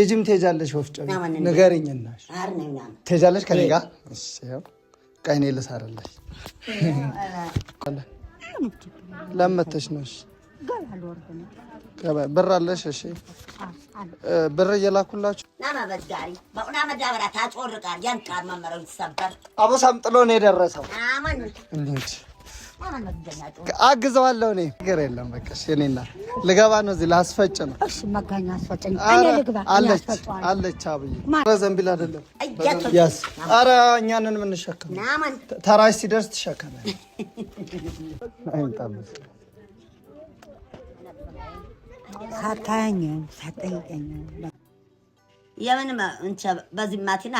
ልጅም ትሄጃለሽ ወፍጮ ንገሪኝና ትሄጃለሽ ከኔ ጋር ቀይኔ ልሳርልሽ ለመተሽ ነሽ? ብር አለሽ እሺ ብር እየላኩላችሁ አቦ ሳምጥሎ ነው የደረሰው አግዘዋለሁ እኔ ነገር የለም። በቃ እኔና ልገባ ነው፣ እዚህ ላስፈጭ ነው። እሺ መጋኛ አስፈጭኝ። እኔ አለች አለች። አብይ ዘንቢል አይደለም ያስ አረ እኛንን የምንሸከም ተራሽ ሲደርስ ትሸከመ ሳታኝ ሳጠይቀኝ የምን በዚህ ማቲና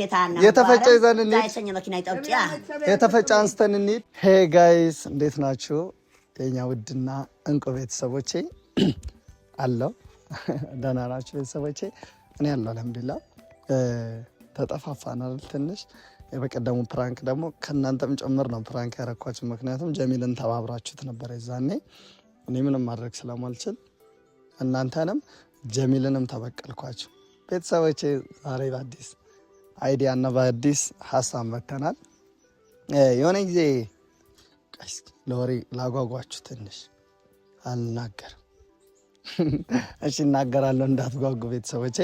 ቤታ የተፈጨ ይዘን መኪና ይጠውጭያ የተፈጨ አንስተን እንሂድ። ሄ ጋይስ እንዴት ናችሁ? የኛ ውድና እንቁ ቤተሰቦቼ አለው ደህና ናችሁ ቤተሰቦቼ? እኔ ያለው አልሐምዱላ። ተጠፋፋናል ትንሽ። የበቀደሙ ፕራንክ ደግሞ ከእናንተም ጭምር ነው ፕራንክ ያረኳችሁ። ምክንያቱም ጀሚልን ተባብራችሁት ነበር የዛኔ እኔ ምንም ማድረግ ስለማልችል እናንተንም ጀሚልንም ተበቀልኳችሁ። ቤተሰቦቼ ዛሬ በአዲስ አይዲያ እና በአዲስ ሀሳብ መተናል። የሆነ ጊዜ ለወሬ ላጓጓችሁ ትንሽ አልናገርም። እሺ እናገራለሁ፣ እንዳትጓጉ ቤተሰቦቼ።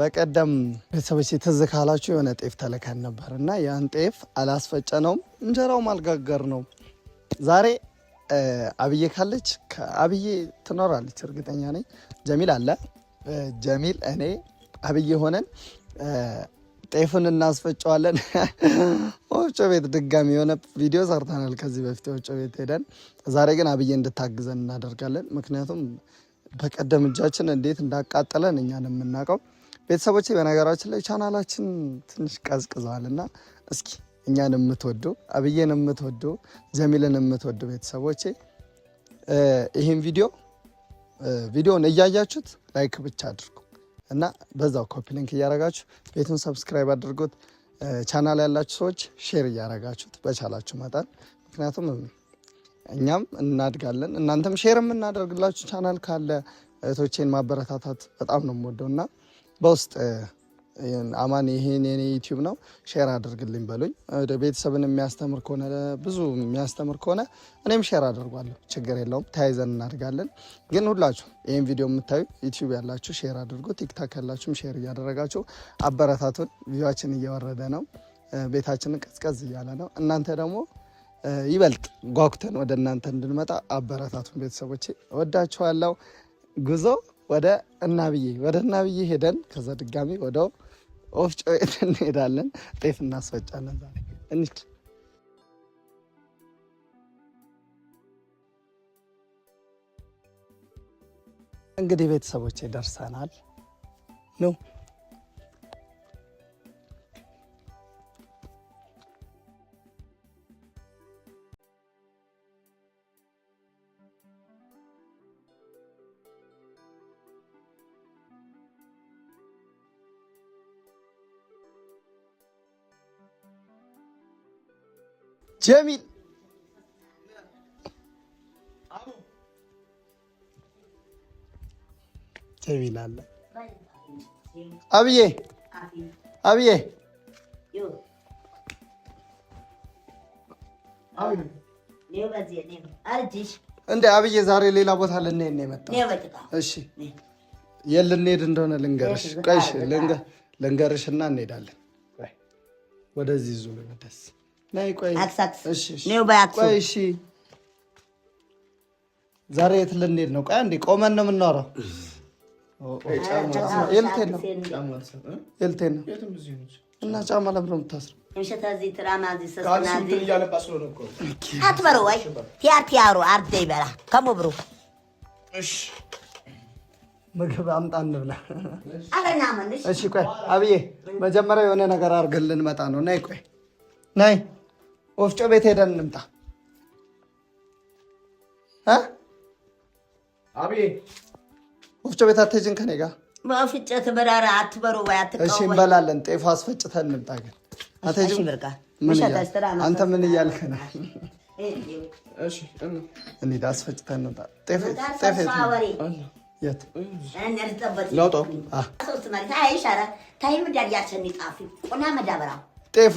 በቀደም ቤተሰቦቼ ትዝ ካላችሁ የሆነ ጤፍ ተልከን ነበር እና ያን ጤፍ አላስፈጨነውም፣ እንጀራውም አልጋገር ነው። ዛሬ አብዬ ካለች ከአብዬ ትኖራለች እርግጠኛ ነኝ። ጀሚል አለ ጀሚል እኔ አብይ ሆነን ጤፍን እናስፈጨዋለን። ወፍጮ ቤት ድጋሚ የሆነ ቪዲዮ ሰርተናል ከዚህ በፊት ወፍጮ ቤት ሄደን። ዛሬ ግን አብዬ እንድታግዘን እናደርጋለን። ምክንያቱም በቀደም እጃችን እንዴት እንዳቃጠለን ነው የምናውቀው ቤተሰቦች። በነገራችን ላይ ቻናላችን ትንሽ ቀዝቅዘዋል እና እስኪ እኛን የምትወዱ አብዬን የምትወዱ ጀሚልን የምትወዱ ቤተሰቦቼ ይህን ቪዲዮ ቪዲዮን እያያችሁት ላይክ ብቻ አድርጉ። እና በዛው ኮፒ ሊንክ እያረጋችሁ ቤቱን ሰብስክራይብ አድርጉት። ቻናል ያላችሁ ሰዎች ሼር እያረጋችሁት በቻላችሁ መጠን ምክንያቱም እኛም እናድጋለን እናንተም ሼር የምናደርግላችሁ ቻናል ካለ እህቶቼን ማበረታታት በጣም ነው የምወደው እና በውስጥ አማን ይሄን የኔ ዩቲዩብ ነው ሼር አድርግልኝ በሉኝ። ቤተሰብን የሚያስተምር ከሆነ ብዙ የሚያስተምር ከሆነ እኔም ሼር አድርጓለሁ፣ ችግር የለውም። ተያይዘን እናድጋለን። ግን ሁላችሁ ይህን ቪዲዮ የምታዩ ዩቲዩብ ያላችሁ ሼር አድርጉ፣ ቲክታክ ያላችሁም ሼር እያደረጋችሁ አበረታቱን። ቪዲዮችን እየወረደ ነው፣ ቤታችንን ቀዝቀዝ እያለ ነው። እናንተ ደግሞ ይበልጥ ጓጉተን ወደ እናንተ እንድንመጣ አበረታቱን። ቤተሰቦቼ እወዳችኋለሁ። ጉዞ ወደ እናብዬ ወደ እናብዬ ሄደን ከዛ ድጋሚ ወደ ወፍጮ ቤት እንሄዳለን፣ ጤፍ እናስፈጫለን። ዛሬ እንሂድ። እንግዲህ ቤተሰቦቼ ደርሰናል ነው ጀሚል ጀሚል አለ። አብዬ አብዬ እንደ አብዬ ዛሬ ሌላ ቦታ ልንሄድ ነው የመጣው። እሺ የት ልንሄድ እንደሆነ ልንገርሽ። ቀሽ ልንገርሽና እንሄዳለን። ወደዚህ ዙር ደስ ዛሬ የት ልንሄድ ነው? ቆይ አንዴ ቆመን ነው የምናወራው። ኤልቴ ነው እና ጫማ ለምን ነው የምታስረው? አትበሩ ወይ ቲያርቲ ያሩ አርደ ይበላ ከሙ ምግብ አምጣ እንብላ። እሺ ቆይ አብዬ መጀመሪያ የሆነ ነገር አድርገን ልንመጣ ነው። ነይ ቆይ ነይ ወፍጮ ቤት ሄደን እንምጣ። ወፍጮ ቤት አትሄጂም ከኔ ጋር በፍጨት አትበሩ ወይ እሺ፣ እንበላለን። አስፈጭተን እንምጣ። ግን አንተ ምን እያልክ ነው? እንሂድ፣ አስፈጭተን እንምጣ። ጤፉ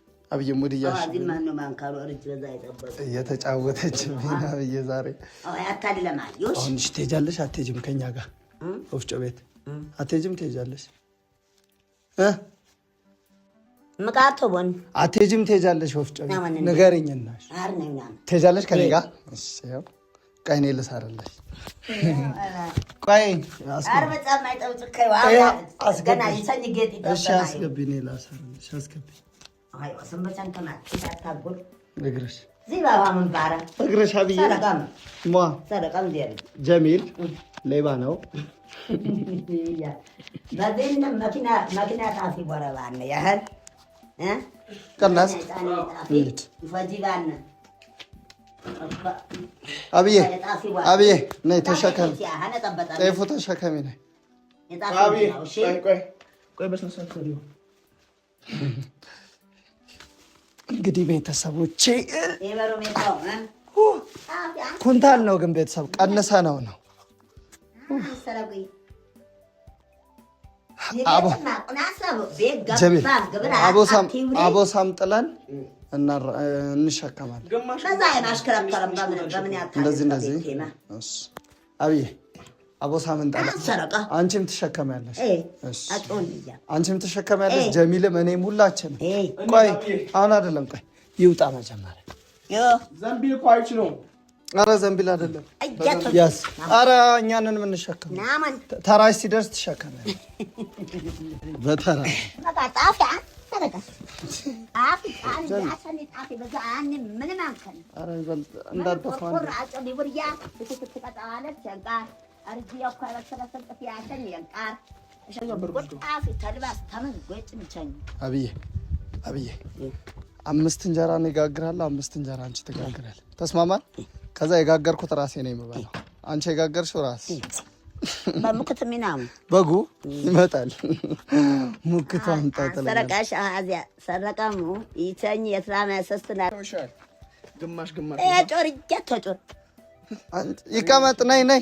አብዬ ሙድ እየተጫወተችብኝ አብዬ ዛሬ አሁንሽ ትሄጃለሽ አትሄጂም? ከኛ ጋር ወፍጮ ቤት አትሄጂም? ትሄጃለሽ አትሄጂም? ትሄጃለሽ ወፍጮ ቤት ንገሪኝና ትሄጃለሽ ከኔ ጋር ቀይኔ እኔ ልሳርልሽ። ቆይ አስገቢ፣ እኔ ላሳርልሽ። አስገቢ እግርሽ አብዬ ጀሚል ሌባ ነው። አብዬ አብዬ ነይ ተሸከሚ፣ ጤፉ ተሸከሚ ነይ እንግዲህ ቤተሰቦቼ ኩንታል ነው ግን ቤተሰብ ቀንሰ ነው ነው አቦ ሳምጥለን እንሸከማለን። እንደዚህ እንደዚህ አብዬ አቦ ሳምንት ሰረቃ አንቺም ትሸከሚያለሽ። አንቺም ትሸከሚያለሽ። ጀሚልም እኔም ሁላችንም። ቆይ አሁን አይደለም፣ ቆይ ይውጣ መጀመሪያ። ዘንቢል እኮ አይችለውም። አረ ዘንቢል አይደለም። ያስ አረ እኛንን የምንሸከም ተራሽ ሲደርስ ትሸከሚያለሽ። በተራ ምንም አርጊያው አብዬ አብዬ አምስት እንጀራ ነው ይጋግራል። አምስት እንጀራ አንቺ ትጋግራል። ተስማማል። ከዛ የጋገርኩት ራሴ ነው የምበላው። አንቺ የጋገርሽው ራስ በሙክት ምናምን በጉ ይመጣል። ሙክት አምጣጥለ አዚያ ሰረቃሙ ይተኝ የትራማ ያሰስላ ግማሽ ግማሽ ያ ጮር ይቀመጥ ነይ ነይ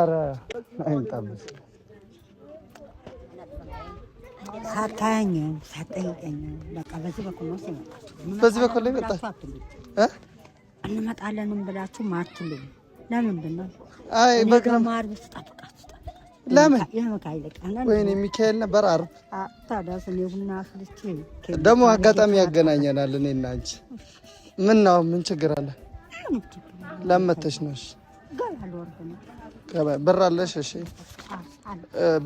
ኧረ አይምጣብሽ። በቃ በዚህ በኩል ነው በዚህ በኩል ላይ እንመጣለንም ብላችሁ ለምንድን ነው? አይ በቃ ማር ለምን ሚካኤል ነበር አርብ ደግሞ አጋጣሚ ያገናኘናል። እኔ እና አንቺ ምን ነው ምን ችግር አለ? ለመተሽ ነሽ ብር አለሽ? እሺ፣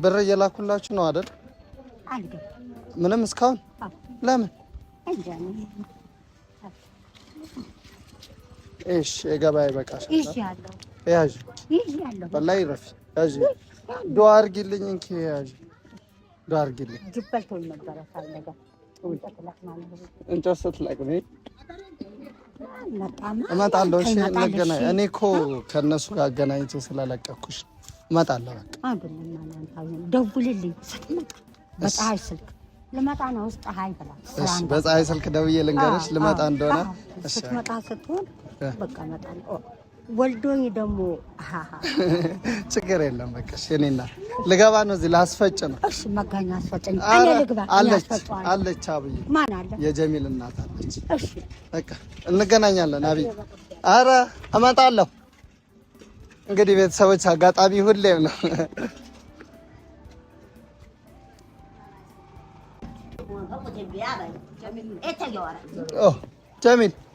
ብር እየላኩላችሁ ነው አይደል? ምንም እስካሁን ለምን? እሺ፣ የገበያ ይበቃሻል። ያዥ፣ በላይ ረፊ፣ ያዥ። ዱአ አድርጊልኝ፣ እንኪ ያዥ፣ ዱአ አድርጊልኝ። እንጨት ስትለቅሜ እመጣለሁ። እሺ እንገናኝ። እኔ እኮ ከእነሱ ጋር አገናኝቼ ስላለቀኩሽ እመጣለሁ። ደውልልኝ ስትመጣ ስልክ በፀሐይ ስልክ ደውዬ ልንገርሽ ልመጣ እንደሆነ ስትመጣ ስትሆን በቃ እመጣለሁ። ወልዶኝ ደግሞ ችግር የለም። በቃ እኔና ልገባ ነው። እዚህ ላስፈጭ ነው። እሺ መጋኛ አስፈጭኝ። እኔ ልግባ አለች አብዬ ማን አለ? የጀሚል እናት አለች። እሺ በቃ እንገናኛለን። አብዬ አረ እመጣለሁ። እንግዲህ ቤተሰቦች፣ አጋጣሚ ሁሌም ነው። ጀሚል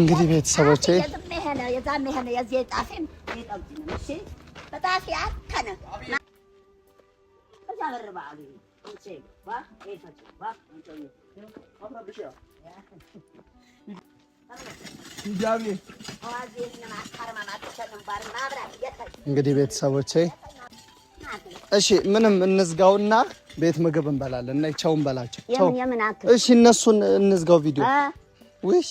እንግዲህ ቤተሰቦቼ እንግዲህ ቤተሰቦቼ እሺ ምንም እንዝጋውና ቤት ምግብ እንበላለን እና ቻው እንበላቸው። እሺ እነሱን እንዝጋው ቪዲዮ ውሽ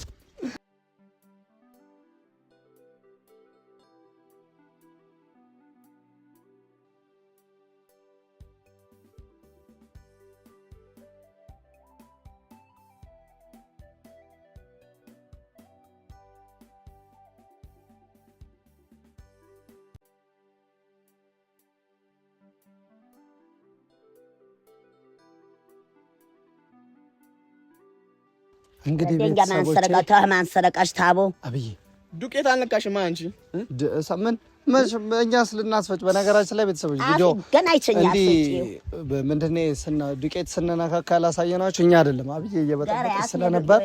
እንግዲህ ማንሰረቃሽ ታቦ አብዬ ዱቄት አልነካሽማ አንቺ ምን እኛ ስልናስፈጭ በነገራችን ላይ ቤተሰቦች ቪዲዮ እንዲህ ምንድን ነው ዱቄት ስንነካካ ላሳየናቸው እኛ አይደለም አብዬ እየበጠበጠ ስለነበር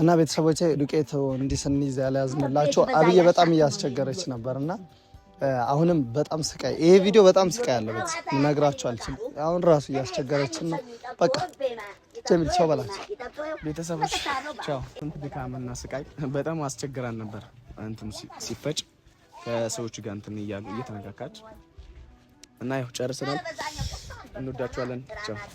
እና ቤተሰቦቼ ዱቄት እንዲህ ስንይዝ ያለያዝንላቸው አብዬ በጣም እያስቸገረች ነበርና አሁንም በጣም ስቃይ ይሄ ቪዲዮ በጣም ስቃይ ያለበት ልነግራችሁ አልችልም። አሁን ራሱ እያስቸገረችን ነው። በቃ ጀሚል ቻው በላቸው ቤተሰቦች ቻው። ድካምና ስቃይ በጣም አስቸግራን ነበር። እንትም ሲፈጭ ከሰዎች ጋር እንትን እያሉ እየተነካካች እና ያው ጨርሰናል። እንወዳችኋለን። ቻው